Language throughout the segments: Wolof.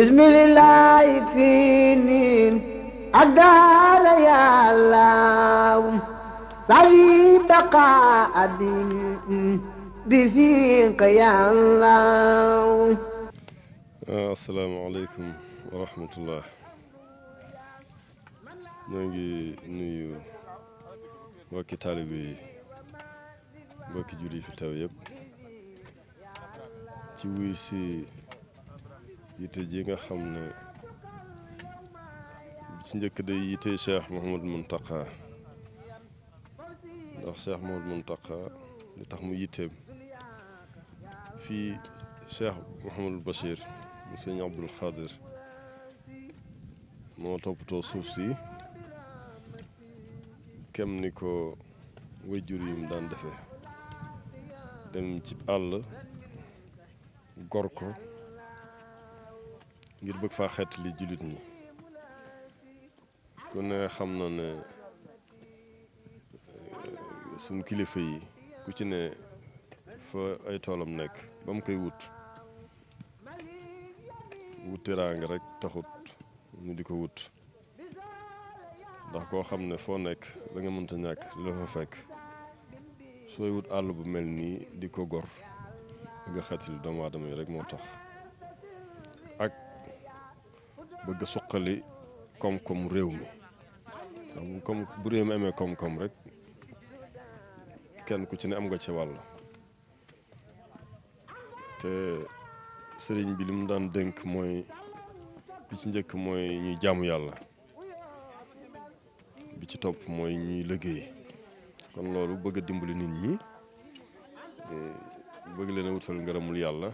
bismillah fii niin ak daara yàllaaw sawi baqa bi fiika yàllaaw asalaamaaleykum wa rahmatullah ñoo ngi nuyu mbokki taalibe yi mbokki julli fi taw ci wuy yitte ji nga xam ne ci njëkk day yitte Cheikh Mouhamad Mountakha ndax Cheikh Mouhamad Mountakha li tax mu yitteem fii Cheikh Mouhamadul Bachir mu sëñ Abdul Xaadir moo toppatoo suuf si kem ni ko wajjur yi mu daan defee dem ci àll gorko ngir bëgg faa xeet li jullit ñi ku ne xam na ne eh, sum kilifa yi ku ci ne fa ay toolam nekk ba mu koy wut wut teraanga rek taxut ñu di ko wut ndax koo xam ne foo nekk da nga mënta ñàkk di la fekk sooy wut àll bu mel nii di ko gor bëgg a xeet li doomu aadama yi rek moo tax bëgg suqali koom-koom réew mi xam comme bu réew mi amee koom-koom rek kenn ku ci ne am nga ci wàll te sëriñ bi li mu daan dénk mooy bi ci njëkk mooy ñuy jaamu yàlla bi ci topp mooy ñuy liggéey kon loolu bëgg dimbali nit ñi eh, bëgg leen a wutal ngërëmul yàlla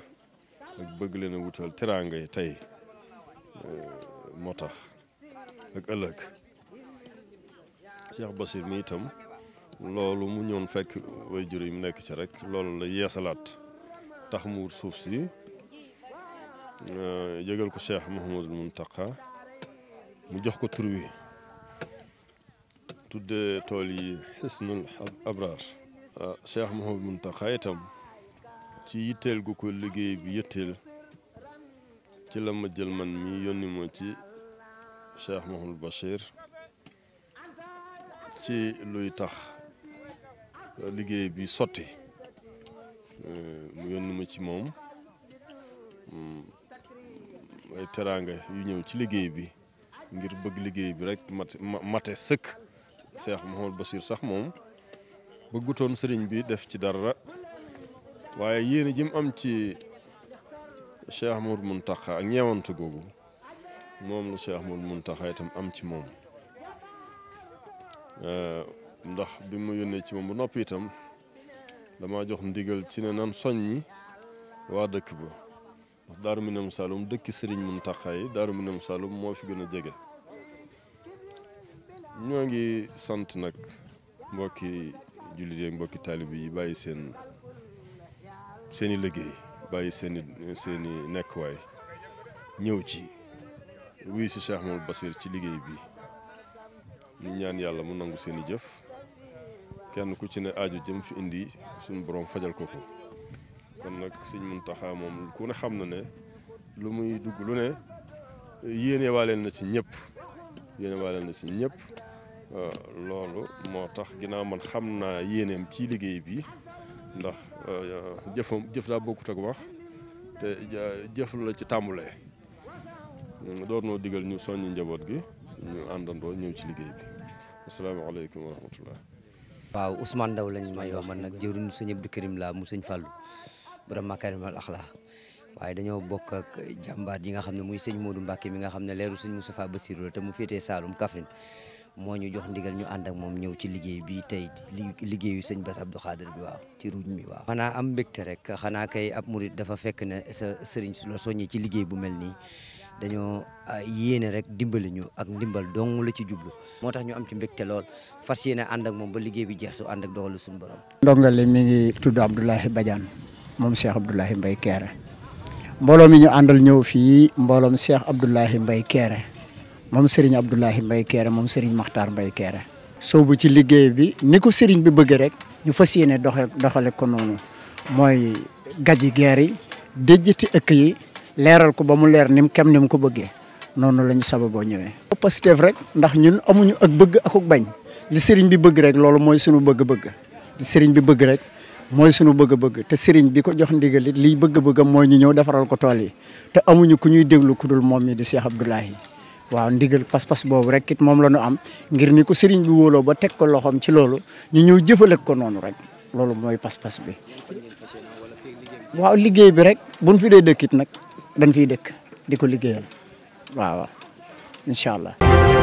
ak bëgg leen wutal teraanga yi tey Euh, moo tax ak ëllëg Cheikh Basir mi itam loolu mu ñoon fekk way jur yi mu nekk ci rek loolu la yeesalaat tax mu wut suuf si euh, yëgal ko Cheikh Mouhamadul Muntaqa mu jox ko tur wi tool yi xisnul abraar euh, Cheikh Mouhamadul Muntaqa itam ci yitteel gu ko liggéey bi yitteel ci la ma jël man mi yónni moo ci Cheikh Mahmoud Bachir ci luy tax liggéey bi sotti mu yónni ma ci moom mm, ay teraanga yu ñëw ci liggéey bi ngir bëgg liggéey bi rek mate mate sëkk Cheikh Mahmoud Bachir sax moom bëggutoon sëriñ bi def ci dara waaye yéene ji mu am ci Cheikh Ahmadou Mountakha ak ñeewantu googu moom la Cheikh Ahmadou Mountakha itam am ci moom eh, ndax bi mu yónnee ci moom bu noppi itam dama jox ndigal ci ne nan soññi waa dëkk ba ndax Daaru Minam Saloum dëkki Serigne Mountakha yi Daaru Minam Saloum moo fi gën a jege ñoo ngi sant nag mbokki julli yi mbokki taalibe yi bàyyi seen seeni liggéey bàyyi seen i seen nekkuwaay ñëw ci wuyu si Cheikh Mamadou ci liggéey bi ñu ñaan yàlla mu nangu seeni jëf kenn ku ci ne aaju jëm fi indi suñu borom fajal ko ko kon nag sëñ Muntaxa moom ku ne xam na ne lu muy dugg lu ne yéene waaleel na ci ñëpp yéene waaleel na ñëpp loolu moo tax ginnaaw man xam naa yéeneem ci liggéey bi. ndax euh, jëf jëf daa bokkut ak wax te jëf la ci tàmbulee mm, door noo digal ñu soññi njaboot gi ñu àndandoo ñëw ci liggéey bi asalaamaaleykum wa rahmatullah waaw Ousmane Ndaw lañu may wax man nag jëwriñu sëñ Abdou Karim la mu sëñ Fallou borom makaarimal la waaye dañoo bokk ak jàmbaar yi nga xam ne muy sëñ Modou Mbacke mi nga xam ne leeru sëñ Moustapha Bassirou la te mu féetee Saalum Kaffrine moo ñu jox ndigal ñu ànd ak moom ñëw ci liggéey bi tey liggéeyu sëñ ba Abdou Khadir bi waaw ci ruuj mi waaw xanaa am mbégte rek xanaa kay ab murit dafa fekk ne sa sëriñ su la soññee ci liggéey bu mel nii dañoo ah, yéene rek dimbali ñu ak ndimbal dong la ci jublu moo tax ñu am ci mbégte lool fas yéene ànd ak moom ba liggéey bi jeex su ànd ak dogalu suñu borom. ndongale mi ngi tudd Abdoulahi Badiane moom Cheikh Abdoulahi Mbaye Kéré mbooloo mi ñu àndal ñëw fii mbooloom Cheikh Abdoulahi Mbaye Kéré moom Serigne Abdoulahi Mbaye kere moom Serigne Makhtar Mbaye Kéré soobu ci liggéey bi ni ko Serigne bi bëggee rek ñu fas yéene doxe doxale ko noonu mooy gaji geer yi déjjati ëkk yi leeral ko ba mu leer ni mu kem ni ko bëggee noonu la ñu sababoo ñëwee. positif rek ndax ñun amuñu ak bëgg akuk bañ li Serigne bi bëgg rek loolu mooy sunu bëgg-bëgg bi bëgg rek mooy sunu bëgg-bëgg te Serigne bi ko jox ndigal it liy bëgg-bëggam mooy ñu ñëw defaral ko tool yi te amuñu ku ñuy déglu ku dul moom mi di Cheikh Abdoulahi waaw ndigal pas-pas boobu rek it moom la ñu am ngir ni ko sëriñ bi wóoloo ba teg ko loxoom ci loolu ñu ñëw jëfale ko noonu rek loolu mooy pas-pas bi. waaw liggéey bi rek bu buñ fi dee dëkkit nag dañ fiy dëkk di ko liggéeyal waaw incha allah.